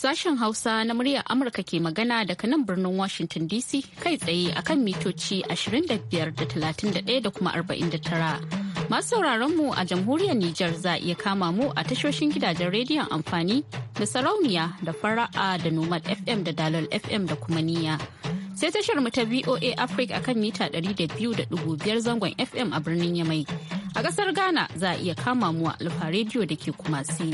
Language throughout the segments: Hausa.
Sashen Hausa na muryar Amurka ke magana daga nan birnin Washington DC kai tsaye a kan mitoci 25 da 31 da kuma 49. Masu sauraronmu mu a jamhuriyar Nijar za iya kama mu a tashoshin gidajen rediyon amfani da sarauniya da fara'a da Nomad FM da Dalol FM da kuma niyya. sai tashar mu ta VOA Africa akan mita 200.5 zangon FM a birnin Yamai. A kasar Ghana za a iya kama mu a Alfa rediyo da ke Kumasi.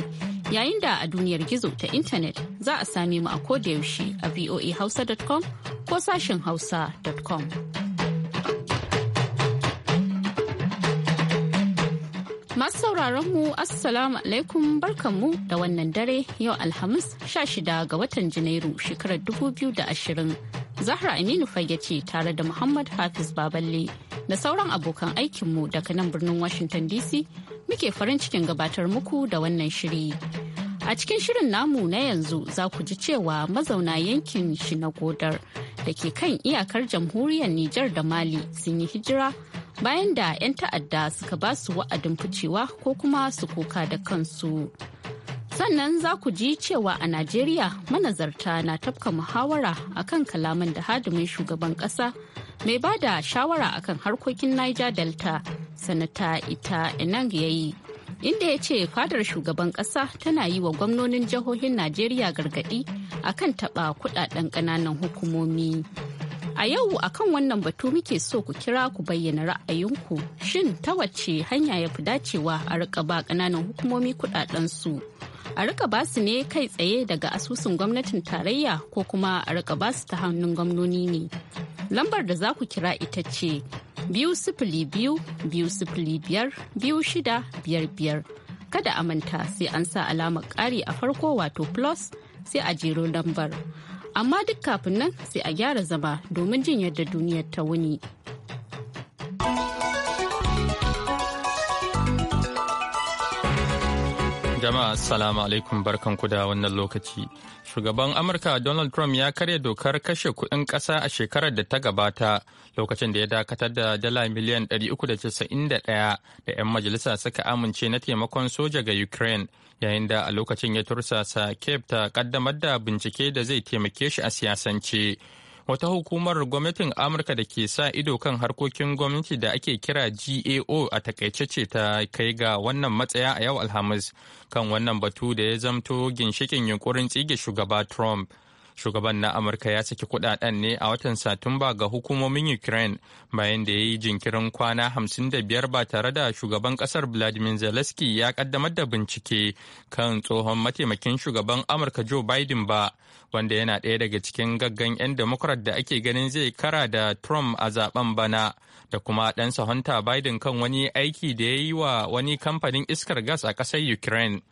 Yayin da a duniyar gizo ta intanet za a same mu a yaushe a voahausa.com ko sashen hausa.com. Masu sauraron mu Assalamu alaikum barkanmu da wannan dare yau Alhamis 16 ga watan Janairu shekarar 2020. Zahra Aminu fage ce tare da Muhammad Hafiz Baballe da sauran abokan aikinmu daga nan birnin Washington DC muke farin cikin gabatar muku da wannan shiri. A cikin shirin namu na yanzu za ku ji cewa mazauna yankin Shinagodar da ke kan iyakar jamhuriyar Nijar da Mali sun yi hijira bayan da 'yan ta'adda suka ba su wa'adin ficewa ko kuma su kuka da kansu. Sannan za ku ji cewa a Najeriya manazarta na tafka muhawara a kan kalaman da hadimin shugaban ƙasa mai ba da shawara akan harkokin Niger Delta, sanata ita Enang ya yi. Inda ya ce fadar shugaban ƙasa tana yi wa gwamnonin jihohin Najeriya gargaɗi akan taɓa kuɗaɗen ƙananan hukumomi. A yau akan wannan batu muke so ku kira ku bayyana ra'ayinku shin ta wace hanya ya fi dacewa a rika ba ƙananan hukumomi su A rika ba su ne kai tsaye daga asusun gwamnatin tarayya ko kuma a rika ba su ta hannun gwamnoni ne. Lambar da za ku kira ita ce biyu sifili biyu biyu sifili biyar biyu shida biyar biyar. Kada a manta sai an sa alamar ƙari a farko wato plus sai a jero lambar. amma duk kafin nan sai a gyara zama domin jin yadda duniyar ta wuni. Jama'a Assalamu alaikum ku da wannan lokaci. Shugaban Amurka Donald Trump ya karya dokar kashe kuɗin ƙasa a shekarar da ta gabata lokacin da ya dakatar da dala miliyan 391 da 'yan majalisa suka amince na taimakon soja ga Ukraine. yayin da a lokacin ya tursasa cape ta kaddamar da bincike da zai taimake shi a siyasance wata hukumar gwamnatin amurka da ke sa ido kan harkokin gwamnati da ake kira gao a takaice ce ta kai ga wannan matsaya a yau alhamis kan wannan batu da ya zamto ginshikin yunkurin tsige shugaba trump shugaban na amurka ya saki kudaden ne a watan satumba ga hukumomin ukraine bayan da ya yi jinkirin kwana 55 ba tare da shugaban kasar vladimir zelensky ya kaddamar da bincike kan tsohon mataimakin shugaban amurka joe biden ba wanda yana ɗaya daga cikin gaggan 'yan democrat da ake ganin zai kara da trump a zaben bana da kuma ɗansa hunter biden kan wani aiki da ya yi wa wani kamfanin iskar gas a ƙasar ukraine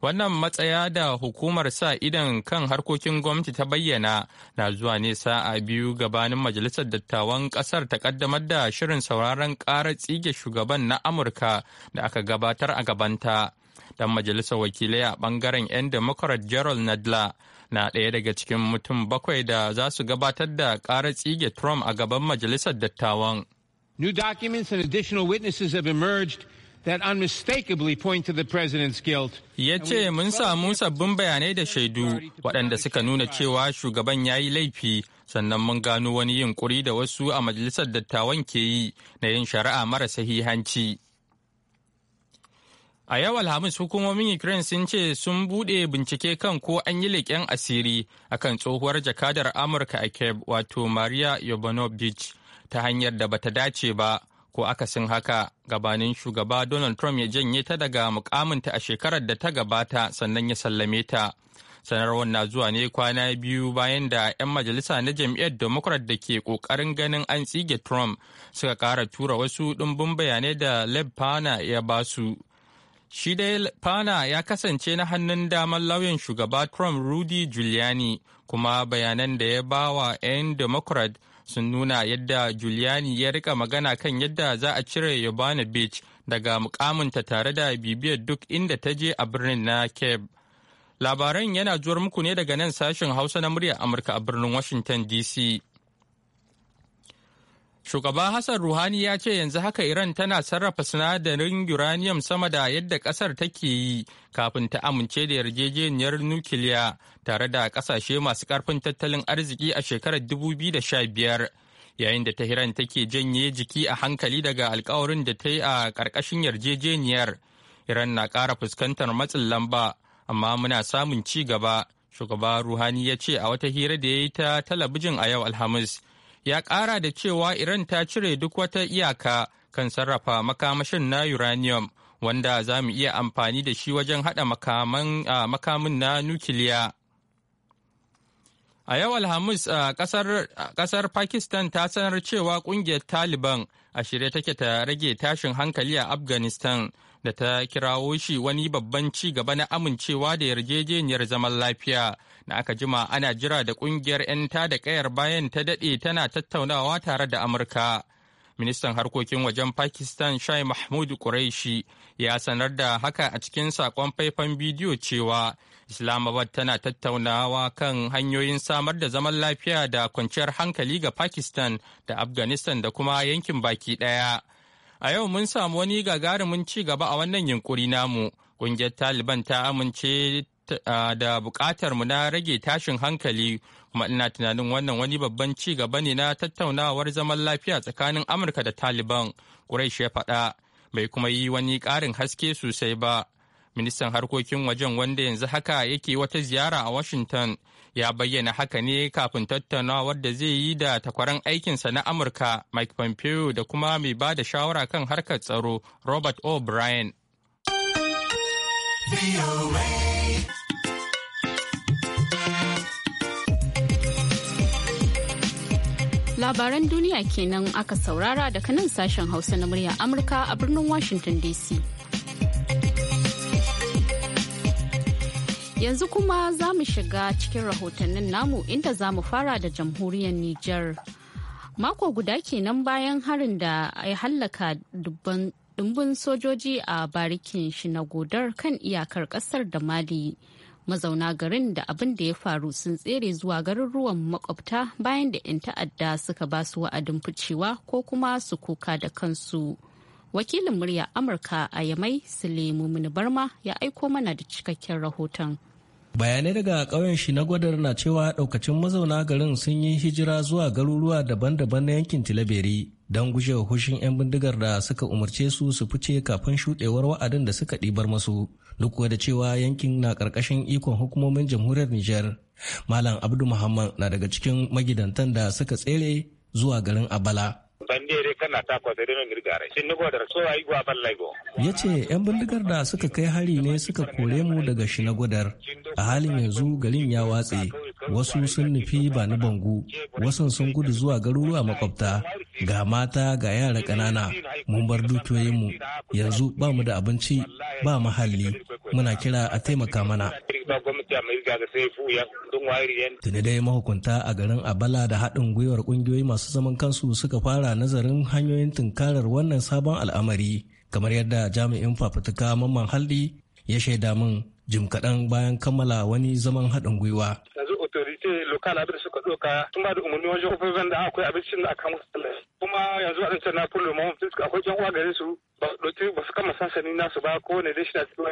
Wannan matsaya da hukumar sa idan kan harkokin gwamnati ta bayyana na zuwa ne sa'a biyu gabanin Majalisar Dattawan kasar ta kaddamar da shirin sauraron ƙarar tsige shugaban na Amurka da aka gabatar a gabanta. Dan Majalisar Wakilai a bangaren 'yan Democrat Gerald Nadler na ɗaya daga cikin mutum bakwai da za su gabatar da ƙarar tsige Trump a gaban Majalisar Dattawan. New documents and additional witnesses have emerged that unmistakably point to the president's Ya ce mun samu sabbin bayanai da shaidu waɗanda suka nuna cewa shugaban ya yi laifi sannan mun gano wani yunkuri da wasu a majalisar dattawan ke yi na yin shari'a mara sahihanci. A yau Alhamis hukumomin Ukraine sun ce sun buɗe bincike kan ko an yi leƙen asiri akan tsohuwar jakadar Amurka a Cape wato Maria yobanovich ta hanyar da bata dace ba ko akasin haka gabanin shugaba Donald Trump ya janye ta daga mukaminta a shekarar da ta gabata sannan ya sallame ta. Sanarwar na zuwa ne kwana biyu bayan da 'yan majalisa na jam'iyyar Democrat da ke kokarin ganin an tsige Trump suka kara tura wasu ɗumbin bayanai da Leb Pana ya su. Shi dai Pana ya kasance na hannun damar lauyan shugaba Trump Rudy Giuliani kuma bayanan da ya ba wa 'yan Democrat sun nuna yadda Giuliani ya rika magana kan yadda za a cire Yobana Beach daga mukaminta tare da bibiyar duk inda ta je a birnin na Cape. Labaran yana zuwar muku ne daga nan sashen Hausa na muryar Amurka a birnin Washington DC. Shugaba Hassan Ruhani ya ce yanzu haka Iran tana sarrafa sinadarin uranium sama da yadda ƙasar take yi kafin ta amince da yarjejeniyar nukiliya tare da ƙasashe masu karfin tattalin arziki a shekarar 2015 yayin da Tehran take janye jiki a hankali daga alkawarin da ta yi a ƙarƙashin yarjejeniyar. Iran na ƙara fuskantar matsin lamba amma muna samun ci gaba. Shugaba Ruhani ya ce a wata hira da ya yi ta talabijin a yau Alhamis. ya ƙara da cewa Iran ta cire duk wata iyaka kan sarrafa makamashin na uranium wanda za mu iya amfani da shi wajen haɗa makamin na nukiliya. A yau Alhamis a ƙasar Pakistan ta sanar cewa ƙungiyar Taliban a shirye take ta rage tashin hankali a Afghanistan da ta kirawo shi wani babban ci gaba na amincewa da yarjejeniyar zaman lafiya da aka jima ana jira da kungiyar 'yan da kayar bayan ta daɗe tana tattaunawa tare da amurka ministan harkokin wajen pakistan shai mahmud Qureshi ya sanar da haka a cikin sakon faifan bidiyo cewa islamabad tana tattaunawa kan hanyoyin samar da zaman lafiya da kwanciyar hankali ga pakistan da afghanistan da kuma yankin baki ɗaya a yau mun samu wani gagarumin ci gaba a wannan yunkuri namu ƙungiyar taliban ta amince da bukatar mu na rage tashin hankali kuma ina tunanin wannan wani babban ci gaba ne na tattaunawar zaman lafiya tsakanin amurka da taliban quraish ya faɗa bai kuma yi wani ƙarin haske sosai ba ministan harkokin wajen wanda yanzu haka yake wata ziyara a washington ya bayyana haka ne kafin tattaunawar da zai yi da takwaran aikinsa na amurka mike pompeo da kuma mai ba da shawara kan harkar tsaro robert o'brien Labaran duniya kenan aka saurara daga nan sashen Hausa na murya Amurka a birnin Washington DC. Yanzu kuma za mu shiga cikin rahotannin namu inda za mu fara da jamhuriyar Nijar. Mako guda kenan bayan harin da ya hallaka dumbin sojoji a barikin shi na godar kan iyakar kasar da Mali. mazauna garin da abin da ya faru sun tsere zuwa garuruwan makwabta bayan da 'yan ta'adda suka ba su wa'adin ficewa ko kuma su kuka da kansu wakilin murya amurka a yamai sulemu barma ya aiko mana da cikakken rahoton bayanai daga ƙauyen shi na gwadar na cewa ɗaukacin mazauna garin sun yi hijira zuwa garuruwa daban-daban na yankin tilaberi don gujewa hushin 'yan bindigar da suka umarce su su fice kafin shuɗewar wa'adin da suka ɗibar masu duk da cewa yankin na ƙarƙashin ikon hukumomin jamhuriyar Nijar. Malam Abdu Muhammad na daga cikin magidantan da suka tsere zuwa garin Abala. bandere kana ta kwasa da nan gare shin ni godar so ai gwa ballai go yace yan bindigar da suka kai hari ne suka kore mu daga shi na gwadar a halin yanzu garin ya watse wasu sun nufi ba na bangu wasan sun gudu zuwa garuruwa makwabta ga mata ga yara ƙanana mun bar dukiyoyinmu yanzu ba mu da abinci ba mahalli muna kira a taimaka mana tuni dai mahukunta a garin abala da haɗin gwiwar ƙungiyoyi masu zaman kansu suka fara nazarin hanyoyin tunkarar wannan sabon al'amari kamar yadda jami'in fafutuka mamman halli ya shaida min jim kaɗan bayan kammala wani zaman haɗin gwiwa. lokal abin suka doka tun ba da umarni wajen ban da akwai abincin da aka musu tallafi kuma yanzu an can na fullo ma akwai jan uwa gare su ba ɗauki ba su kama sansani nasu ba ko ne dai shi na cikin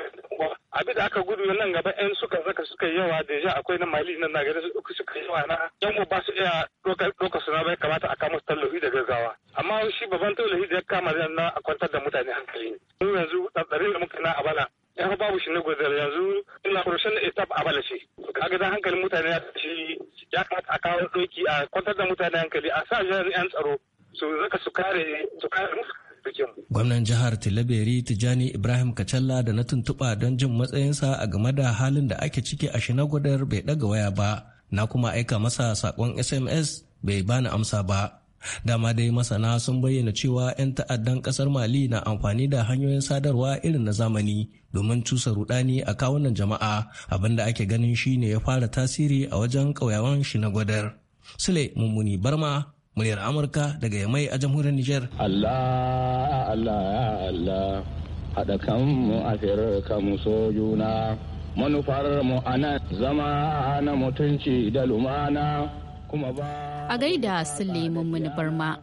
abin da aka gudu nan gaba yan suka zaka suka yi yawa da ja akwai na mali nan na gare su uku suka yi yawa na yan ba su iya ɗaukar suna bai kamata a kama su tallafi da gaggawa amma shi babban tallafi da ya kama na a kwantar da mutane hankali yanzu ɗanɗare da muka na a bana in babu shi na gwadar yanzu ina kurushen da ita a balashe kaga dan hankalin mutane ya tashi ya kamata a kawo doki a kwantar da mutane hankali a sa jami'an yan tsaro su zaka su kare su kare Gwamnan jihar Tilaberi Tijani Ibrahim Kacalla da na tuntuɓa don jin matsayinsa a game da halin da ake ciki a shinagwadar bai ɗaga waya ba, na kuma aika masa saƙon SMS bai bani amsa ba. dama dai masana sun bayyana cewa 'yan ta'addan kasar mali na amfani da hanyoyin sadarwa irin na zamani domin cusa rudani a kawunan jama'a abinda ake ganin shi ne ya fara tasiri a wajen ƙauyawan shi na gwadar sule mummuni barma muryar amurka daga yamai a jamhuriyar niger allah allah manufar mu anan zama na mutunci da lumana A gaida Sule Barma.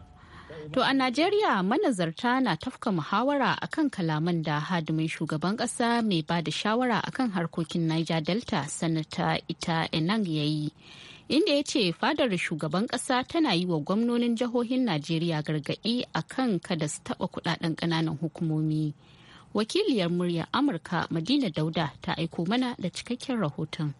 To a Najeriya manazarta na tafka muhawara akan kalaman da hadimin shugaban kasa mai ba da shawara akan harkokin Niger Delta sanata ita Enang ya yi. Inda ya ce fadar shugaban kasa tana yi wa gwamnonin jihohin Najeriya gargaɗi akan kada su taɓa kudaden ƙananan hukumomi. Wakiliyar murya Amurka Madina Dauda ta aiko mana da cikakken rahoton.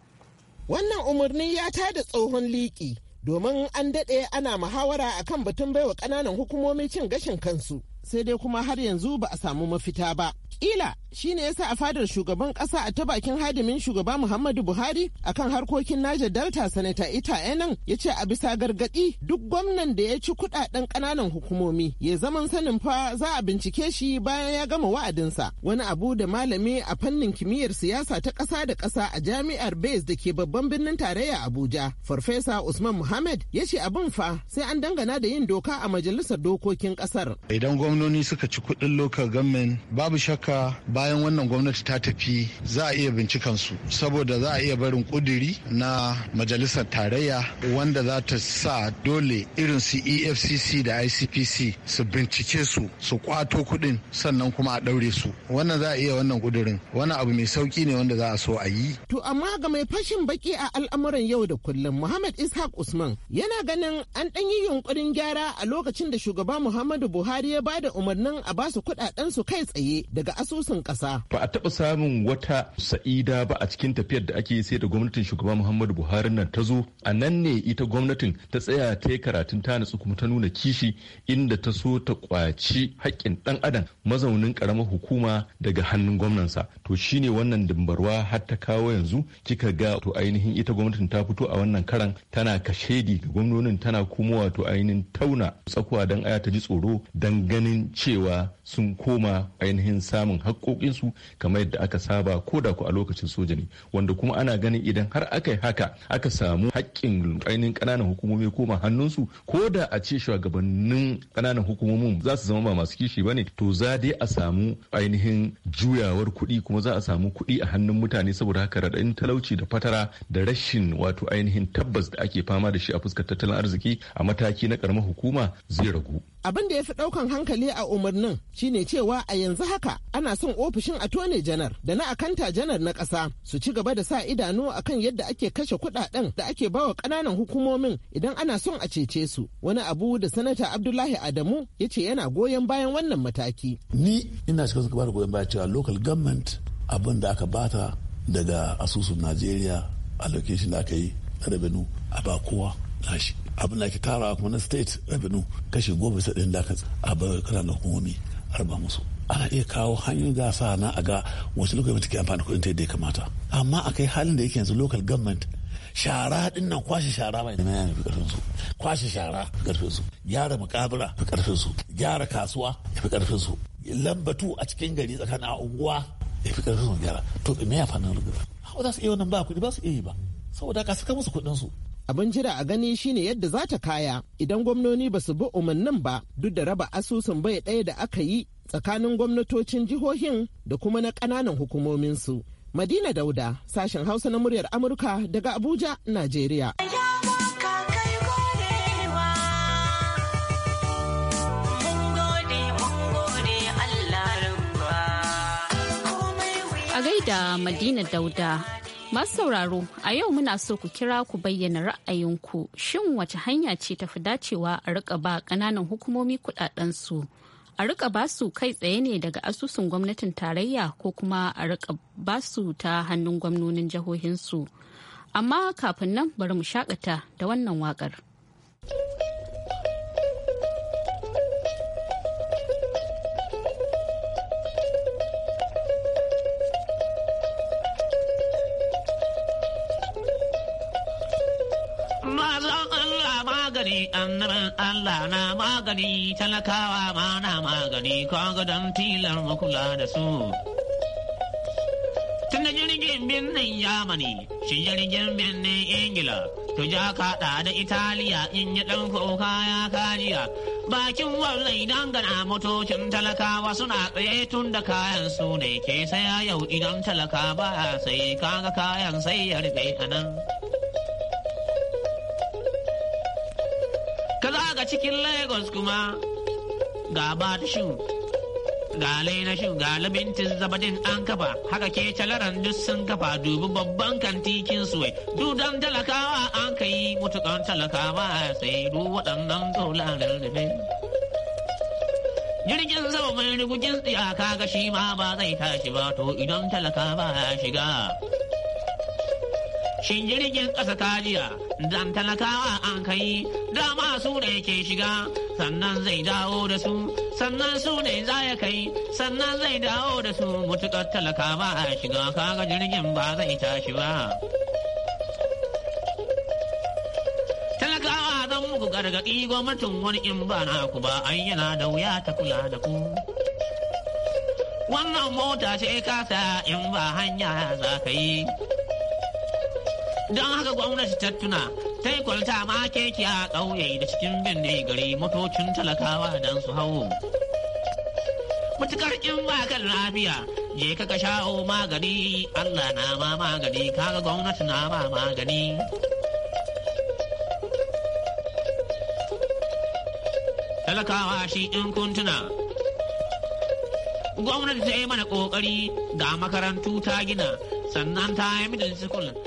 Wannan umarni ya tada tsohon liƙi. domin an daɗe ana muhawara akan batun baiwa ƙananan hukumomi cin gashin kansu sai dai kuma har yanzu ba a samu mafita ba. Ila shi ne sa a fadar shugaban ƙasa a ta bakin hadimin shugaba Muhammadu Buhari akan harkokin Niger Delta Sanata Ita Enan ya ce a bisa gargadi duk gwamnan da ya ci kuɗaɗen ƙananan hukumomi ya zaman sanin fa za a bincike shi bayan ya gama wa'adinsa. Wani abu da malami a fannin kimiyyar siyasa ta ƙasa da ƙasa a jami'ar Bayes da ke babban birnin tarayya Abuja. Farfesa Usman Muhammad ya ce abin fa sai an dangana da yin doka a majalisar dokokin ƙasar. Idan gwamnoni suka ci kuɗin local government babu shakka bayan wannan gwamnati ta tafi za a iya bincikan su saboda za a iya barin kuduri na majalisar tarayya wanda za ta sa dole irin su efcc da icpc su bincike su su kwato kuɗin sannan kuma a daure su wannan za a iya wannan kudurin wani abu mai sauki ne wanda za a so a yi to amma ga mai fashin baki a al'amuran yau da kullum muhammad ishaq usman yana ganin an ɗan yi yunkurin gyara a lokacin da shugaba muhammadu buhari ya ba ba umarnin a ba su kuɗaɗen su kai tsaye daga asusun ƙasa. Ba a taba samun wata sa'ida ba a cikin tafiyar da ake sai da gwamnatin shugaba Muhammadu Buhari nan ta zo a nan ne ita gwamnatin ta tsaya ta yi karatun ta natsu kuma ta nuna kishi inda ta so ta kwaci haƙƙin ɗan adam mazaunin ƙaramar hukuma daga hannun gwamnansa to shine wannan dimbarwa har ta kawo yanzu kika ga to ainihin ita gwamnatin ta fito a wannan karan tana kashedi ga gwamnonin tana kuma wato ainihin tauna tsakuwa don aya ta ji tsoro don ganin ganin cewa sun koma ainihin samun haƙoƙinsu kamar yadda aka saba ko da ku a lokacin soja ne wanda kuma ana ganin idan har aka yi haka aka samu haƙƙin ainihin ƙananan hukumomi koma hannunsu ko da a ce shugabannin ƙananan hukumomin za su zama ba masu kishi ba ne to za dai a samu ainihin juyawar kuɗi kuma za a samu kuɗi a hannun mutane saboda haka raɗaɗin talauci da fatara da rashin wato ainihin tabbas da ake fama da shi a fuskar tattalin arziki a mataki na ƙaramar hukuma zai ragu. abin da ya fi daukan hankali a umarnin shine cewa a yanzu haka ana son ofishin a tone janar da na akanta janar na ƙasa su ci gaba da sa idanu akan yadda ake kashe kuɗaɗen da ake bawa ƙananan hukumomin idan ana son a cece su wani abu da sanata abdullahi adamu ya ce yana goyon bayan wannan mataki ni ina cikin ba da goyon bayan cewa local government abin da aka bata daga asusun najeriya a location da aka yi na a ba kowa shi abin da ake tarawa kuma na state revenue kashi goma bisa ɗin da aka kana na hukumomi a raba musu ana iya kawo hanyoyin da sa na a ga wasu lokaci ke amfani kuɗin ta yadda ya kamata amma a kai halin da yake yanzu local government shara din nan kwashe shara bai nema yana fi su kwashe shara ƙarfin su gyara mukabura ƙarfin su gyara kasuwa ya fi ƙarfin su lambatu a cikin gari tsakanin a unguwa ya fi ƙarfin su gyara to me ya fana rubuta za su iya wannan ba kuɗi ba su iya yi ba saboda ka saka musu kuɗin su abin jira a gani shine yadda za ta kaya idan gwamnoni ba su bi umarnin ba duk da raba asusun bai ɗaya da aka yi tsakanin gwamnatocin jihohin da kuma na ƙananan hukumominsu madina dauda sashen hausa na muryar amurka daga abuja najeriya a gaida madina dauda Masu sauraro, a yau muna so ku kira ku bayyana ra'ayinku shin wace hanya ce tafi dacewa a rika ba ƙananan hukumomi kuɗaɗensu. A rika ba su kai tsaye ne daga asusun gwamnatin tarayya ko kuma a rika ba su ta hannun gwamnonin jihohinsu. Amma kafin nan bari mu shakata da wannan wakar. annaban Allah na magani talakawa ma na magani kaga don tilar makula da su. Tun da jirgin birnin Yamani, shi jirgin birnin Ingila, to ja kaɗa da Italiya in yi ɗan kuka ya kariya. Bakin wannan idan motocin talakawa suna tsaye tun da kayan su ne ke saya yau idan talaka ba sai kaga kayan sai ya rufe a nan. cikin Lagos kuma ga Batshin ga Lainashin ga Labintin Zabadin an kafa haka ke calaran duk sun kafa dubi babban kantikin suwai dudan talakawa an ka yi mutukan talakawa sai du waɗannan tsaularar da Jirgin sama mai rigujin tsiyaka ga shi ma ba zai tashi ba to idan talakawa ya shiga. shin jirgin ƙasa ta jiya dan talakawa an kai dama su ne ke shiga sannan zai dawo da su sannan su ne za ya kai sannan zai dawo da su mutuƙar talaka ba a shiga kaga jirgin ba zai tashi ba talakawa zan muku gargaɗi gwamnatin wani in ba na ku ba an yana da wuya ta kula da ku wannan mota ce kasa in ba hanya za ka yi don haka gwamnati ta tuna ta yi kwalta ma keke a ƙauye da cikin binne gari motocin talakawa don su hau mutukar in ba kan lafiya je ka kasha o magani allah na ma magani kaga gwamnati na ma magani talakawa shi in kuntuna gwamnati ta yi mana ƙoƙari ga makarantu ta gina sannan ta yi middle school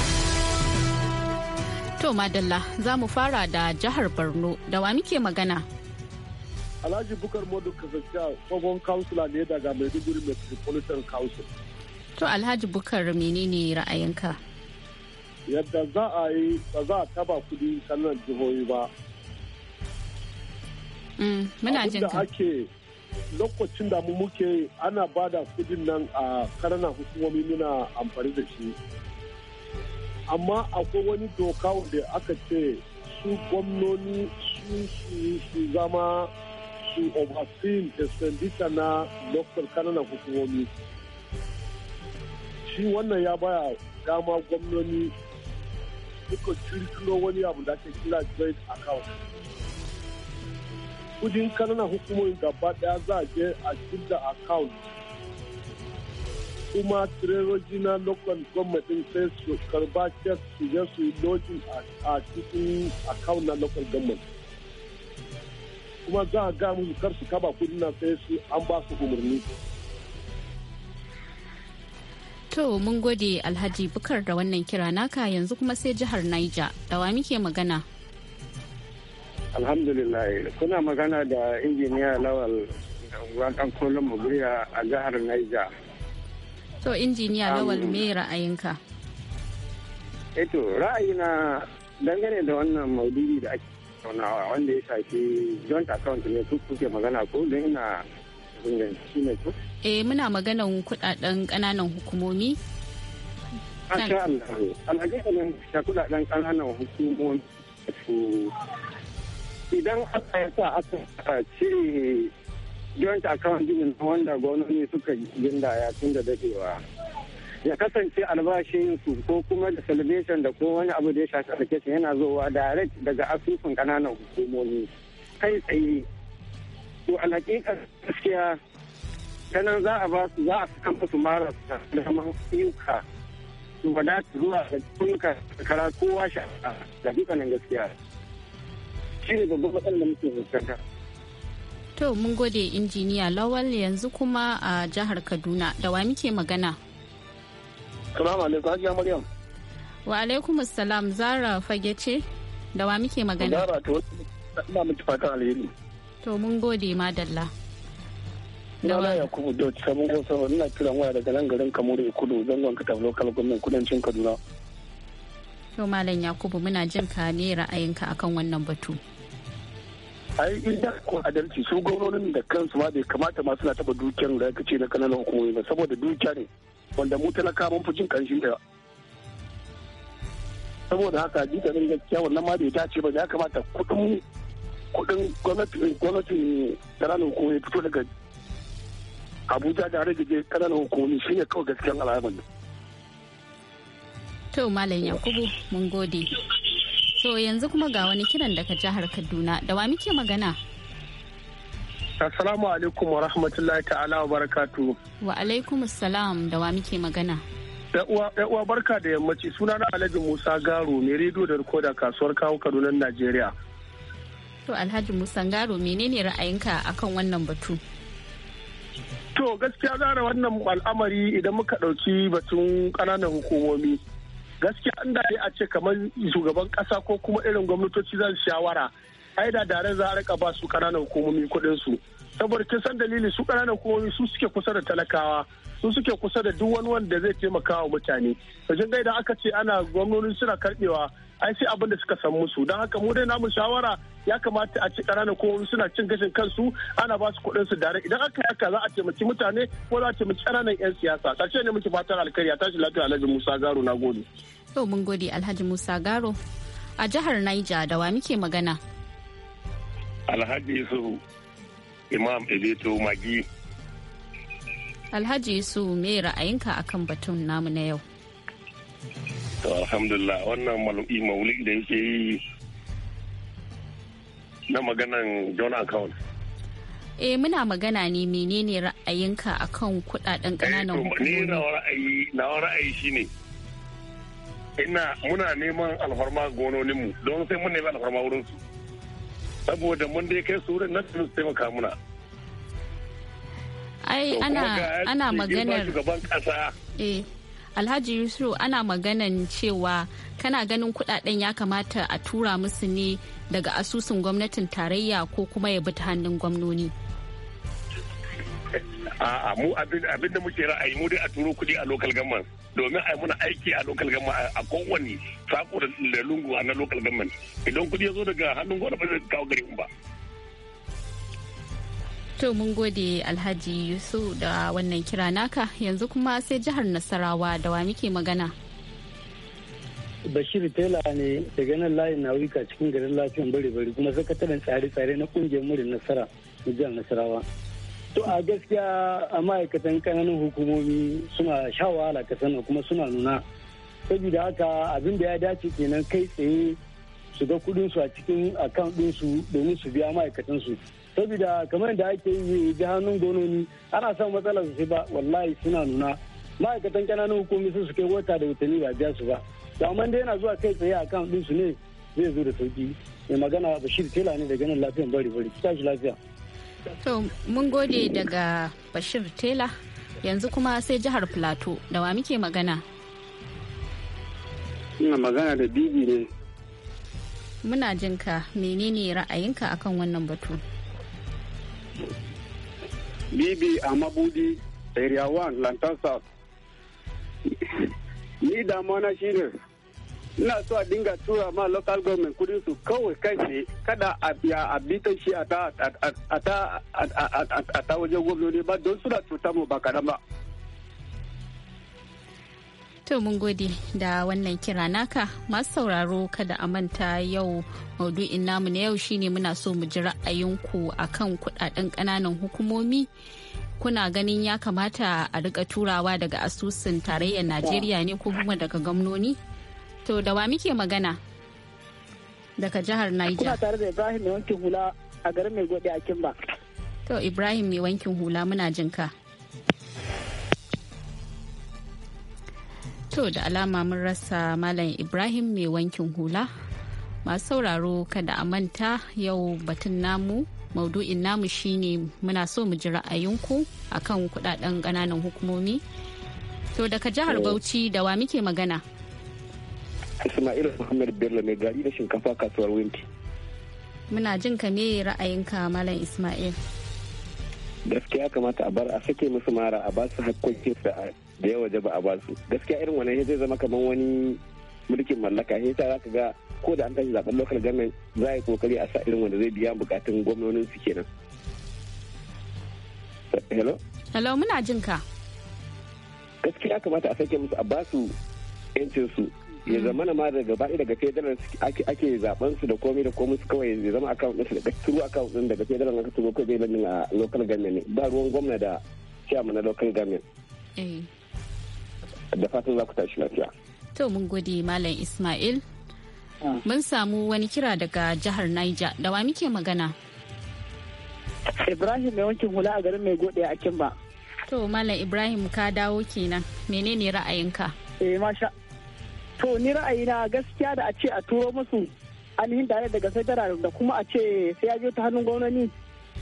To Madalla za mu fara da jihar Borno da wa muke magana. Alhaji Bukar Modu Kasashiya tsohon kansula ne daga Maiduguri Metropolitan Council. To Alhaji Bukar menene ra'ayinka? Yadda za a yi ba za a taba kudi sannan jihohi ba. Mm, muna jin ka. ake lokacin da mu muke ana ba da kudin nan a karana hukumomi muna amfani da shi. amma akwai wani doka wanda aka ce su gwamnoni su su zama su overseen expenditure na local kananan hukumomi shi wannan ya baya dama gwamnoni suka cirkiro wani abu da ake kira joint account kudin kananan hukumomi gaba daya za a je a kirda account kuma tireroji na local government sai su karba cek su je su yi lokin a cikin account na local government kuma za a ga musu kar su kaba kudi na sai su an ba su umarni To mun gode Alhaji Bukar da wannan kira naka yanzu kuma sai jihar Niger dawa muke magana. Alhamdulillah kuna magana da injiniya Lawal dan kolon a jihar Niger. so injiniya lawal me ra'ayinka eto eh ra'ayina dangane da wannan maudidi da ake tattaunawa wanda ya shafi joint account ne kuke magana ko don ina shi ne ko eh muna maganan kudaden kananan hukumomi Masha Allah, alhaƙiƙanin ta kudaden ƙananan hukumomi su idan aka yi sa aka cire joint account din wanda gwamnati suka gindaya tun da dadewa ya kasance albashin su ko kuma da salvation da ko wani abu da ya shafi allocation yana zowa direct daga asusun kananan hukumomi kai tsaye to hakika gaskiya ta za a ba su za a musu marasa da kuma yuka su wadata zuwa da tunka karatu washe da dukkanin gaskiya shi ne babban matsalar da muke fuskanta To mun gode injiniya Lawal yanzu kuma a jihar Kaduna da wa muke magana? Salamu alaikum Hajiya Maryam. Wa alaikum salam Zara fage ce da wa muke magana? Zara to ina miki fata alheri. To mun gode madalla. Na wa. ya kuma da sabon gosa ina kiran waya daga nan garin Kamuru Kudu zangon ka tafi local government kudancin Kaduna. To Malam Yakubu muna jin ka ne ra'ayinka akan wannan batu. ai in da ko adalci su gwamnonin da kansu ma bai kamata ma suna taba dukiyar da aka ce na kananan hukumomi ba saboda dukiya ne wanda mu talaka mun fi jin kanshin da saboda haka jikarin gaskiya wannan ma bai dace ba ya kamata kudin kudin gwamnatin gwamnatin kananan hukumomi fito daga abuja da rage je kananan hukumomi shi ne kawai gaskiyar al'amarin. to malam yakubu mun gode. To yanzu kuma ga wani kiran daga jihar Kaduna da wa muke magana? Assalamu alaikum wa rahmatullahi ta'ala wa barakatu. Wa alaikum salam da wa muke magana? uwa barka da yammaci suna na Alhaji Musa Garo mai rediyo da rikoda kasuwar kawo Kaduna Najeriya. To Alhaji Musa Garo menene ra'ayinka akan wannan batu? To gaskiya zara wannan al'amari idan muka ɗauki batun ƙananan hukumomi. gaskiya an da a ce kamar shugaban kasa ko kuma irin gwamnatoci zan shawara ai da dare za a rika ba su kananan hukumomi kuɗin su saboda kin san dalili su kananan hukumomi su suke kusa da talakawa su suke kusa da duk wani wanda zai taimaka wa mutane wajen dai da aka ce ana gwamnoni suna karbewa ai sai abin da suka san musu don haka mu dai namu shawara ya kamata a ci ƙananan hukumomi suna cin gashin kansu ana ba su kuɗin su dare idan aka yaka za a taimaki mutane ko za a taimaki ƙananan 'yan siyasa ƙarshe ne muke fatan alkari a tashi lafiya alhaji musa garo na gode. to mun gode alhaji musa garo a jihar naija da wa muke magana. alhaji su imam eleto magi. alhaji su me ra'ayinka akan batun namu na yau. to alhamdulillah wannan malu'i da yake yi na maganan don account eh muna magana ne menene ra'ayinka akan kudaden kananan eh, hukumomi ni na ra'ayi na ra'ayi shine ina muna neman alfarma gononinmu don sai mun nemi alfarma wurin su saboda mun dai kai su wurin nan su taimaka muna ai ana ana maganar shugaban kasa eh alhaji yusuf ana maganan cewa kana ganin kudaden ya kamata a tura musu ne daga asusun gwamnatin tarayya ko kuma ya bi ta hannun gwamnoni a'a mu abin da muke ra'ayi mu dai a turo kudi a local government domin a muna aiki a local government a kowane sako da lungu a na local government idan kudi ya zo daga hannun gwamnati ba zai kawo gari ba To mun gode Alhaji Yusuf da wannan kira naka yanzu kuma sai jihar Nasarawa da wa muke magana. Bashir Tela ne daga nan layin nauyuka cikin garin lafiyan bare bare kuma sakataren tsare-tsare na kungiyar murin nasara na jihar Nasarawa. To a gaskiya a ma'aikatan kananan hukumomi suna sha wahala ka sanar kuma suna nuna. Saboda haka abin da ya dace kenan kai tsaye su ga kudinsu a cikin akant ɗinsu domin su biya ma'aikatansu. su. saboda kamar da ake yi ji hannun gononi ana son matsalar su ba wallahi suna nuna ma'aikatan kananan hukumi sun su kai wata da watanni ba biya su ba to amma dai yana zuwa kai tsaye akan din su ne zai zo da sauki mai magana bashir tela ne daga nan lafiyan bari bari tashi lafiya to mun gode daga bashir tela yanzu kuma sai jihar plateau da wa muke magana ina magana da bibi ne muna jinka menene ra'ayinka akan wannan batu Bibi a Mabudi, Area 1, lantasa Ni damana shine ina so a dinga tura ma local government kudin su kawai kai kada a biya a bitan shi a ta wajen gwamnoni ba don suna cuta mu ba kaɗan ba. To mun gode da wannan kira naka masu sauraro kada a manta yau maudu'in namu na yau shine muna so mu ji ra'ayinku akan kudaden kananan hukumomi kuna ganin ya kamata a rika turawa daga asusun tarayyar Najeriya ne ko kuma daga gwamnoni? To da wa muke magana? Daga jihar Niger. Kuna tare da Ibrahim mai wankin hula a garin mai gode a Kimba. To Ibrahim mai wankin hula muna jinka. To da alama mun rasa Malam Ibrahim mai wankin hula. Masu sauraro kada a manta yau batun namu maudu'in namu shine muna so mu ji ra'ayinku akan kudaden ƙananan hukumomi. To daga jihar Bauchi da wa muke magana? Ismail Muhammad Bello mai gari da shinkafa kasuwar Winti. Muna jin ka me ra'ayinka Malam Ismail. Gaskiya kamata a bar a sake musu mara a ba su hakkokin da yawa jaba a ba su gaskiya irin wannan zai zama kamar wani mulkin mallaka sai ta zaka ga ko da an tashi zaben local government za a yi kokari a sa irin wanda zai biya bukatun gwamnonin su kenan hello hello muna jin ka gaskiya kamata a sake musu a ba su yancin su ya mm. zama na ma da gaba daga federal ake zaben su da komai da komai su kawai ya zama account din su da turu account din daga federal aka turo kai bai a local government ba ruwan gwamna da chairman na local government eh. da fatan za ku tashi lafiya to mun gode malam ismail ah. mun samu wani kira daga jihar niger da wa muke magana ibrahim mai wankin hula a garin mai gode a kimba to malam ibrahim ka dawo kenan menene ra'ayinka eh masha to ni ra'ayina gaskiya da a ce a turo musu ainihin da daga sadara da kuma a ce sai ya je ta hannun gwamnati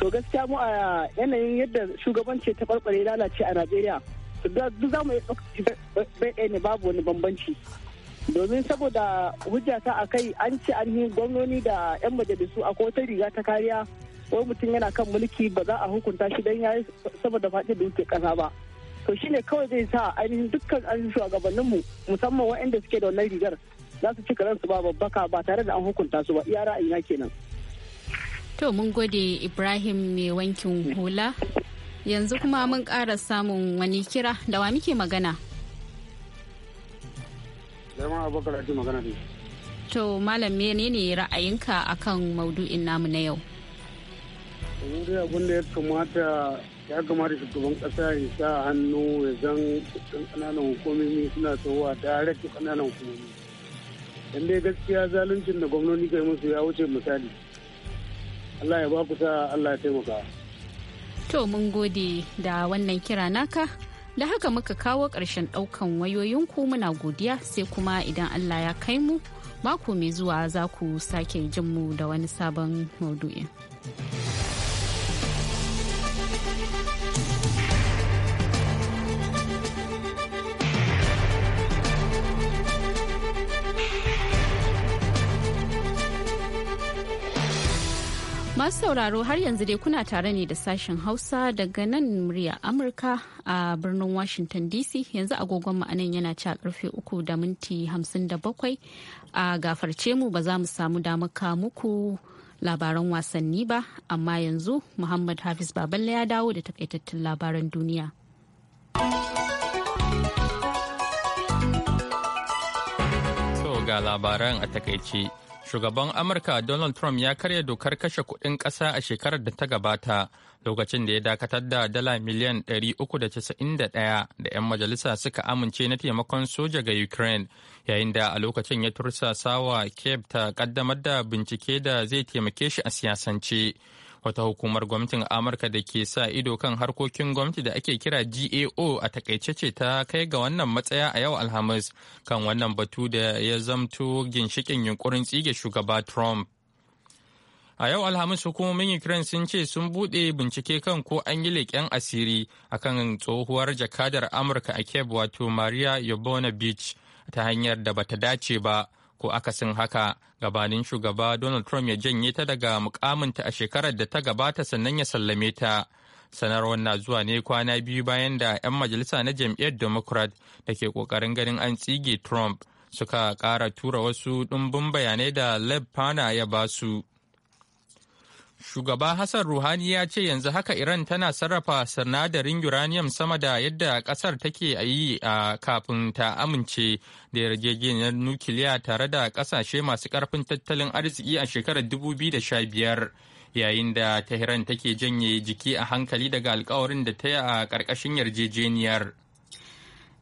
to gaskiya mu a yanayin yadda shugabanci ta barbare lalace a najeriya duk za mu yi tsokaci bai ɗaya ne babu wani bambanci domin saboda hujja ta a kai an ce an yi gwamnoni da 'yan majalisu a kota riga ta kariya wai mutum yana kan mulki ba za a hukunta shi don ya yi saboda fati da yake ƙasa ba to shi ne kawai zai sa ainihin dukkan ainihin shugabanninmu musamman waɗanda suke da wannan rigar za su ci karansu ba babbaka ba tare da an hukunta su ba iya ra'ayina kenan. to mun gode ibrahim mai wankin hula yanzu kuma mun ƙara samun wani kira da wa muke magana to malam menene ra'ayinka akan maudu'in namu na yau dai abin da ya kamata ya kamata shugaban kasa ya sa hannu ya zan kananan hukumomi suna tsohuwa da da kananan hukumomi dan dai gaskiya zaluncin da gwamnoni kai musu ya wuce misali Allah ya ba ku sa Allah ya taimaka To mun gode da wannan kira naka. Da haka muka kawo ƙarshen ɗaukan wayoyinku muna godiya sai kuma idan Allah ya kai mu mako mai zuwa za ku sake jin mu da wani sabon maudu'in. Masu sauraro har yanzu dai kuna tare ne da sashen Hausa daga nan murya Amurka a birnin Washington DC yanzu agogon ma'anan yana ci karfe uku da minti hamsin da bakwai a gafarce mu ba za mu samu damar muku labaran wasanni ba amma yanzu Muhammad Hafiz Baballe ya dawo da takaitattun labaran duniya. ga labaran a takaice shugaban amurka donald trump ya karya dokar kashe kuɗin ƙasa a shekarar da ta gabata lokacin da ya dakatar da dala miliyan 391 da 'yan majalisa suka amince na taimakon soja ga ukraine yayin da a lokacin ya tursasa wa kiev ta kaddamar da bincike da zai taimake shi a siyasance wata hukumar gwamnatin amurka da ke sa ido kan harkokin gwamnati da ake kira gao a takaice ce ta kai ga wannan matsaya a yau alhamis kan wannan batu da ya zamto ginshikin yunkurin tsige shugaba trump A yau Alhamis hukumomin Ukraine sun ce sun buɗe bincike kan ko an yi leƙen asiri akan tsohuwar jakadar Amurka a cape wato Maria Yabona Beach ta hanyar da bata dace ba ko akasin haka gabanin shugaba Donald Trump ya janye ta daga mukaminta a shekarar da ta gabata sannan ya sallame ta. Sanarwar na zuwa ne kwana biyu bayan da 'yan majalisa na jam'iyyar Democrat da ke kokarin ganin an tsige Trump suka kara tura wasu ɗumbin bayanai da Leb Pana ya basu. Shugaba Hassan Ruhani ya ce yanzu haka Iran tana sarrafa sinadarin uranium sama da yadda kasar take a yi a kafin ta amince da yarjejeniyar nukiliya tare da kasashe masu karfin tattalin arziki a shekarar 2015 yayin da Tehran take janye jiki a hankali daga alkawarin da ta yi a ƙarƙashin yarjejeniyar.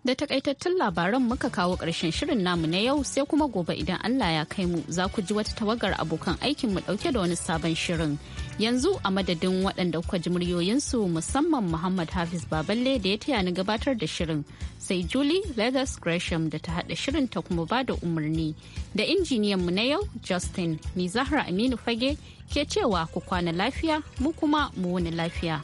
da takaitattun labaran muka kawo ƙarshen shirin namu na yau sai kuma gobe idan Allah ya kai mu za ku ji wata tawagar abokan aikin mu ɗauke da wani sabon shirin. Yanzu a madadin waɗanda kuka ji muryoyinsu musamman Muhammad Hafiz Baballe da ya taya ni gabatar da shirin sai Julie leather Gresham da ta haɗa shirin ta kuma ba da umarni da injiniyan mu na yau Justin ni Zahra Aminu Fage ke cewa ku kwana lafiya mu kuma mu wani lafiya.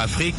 Afrique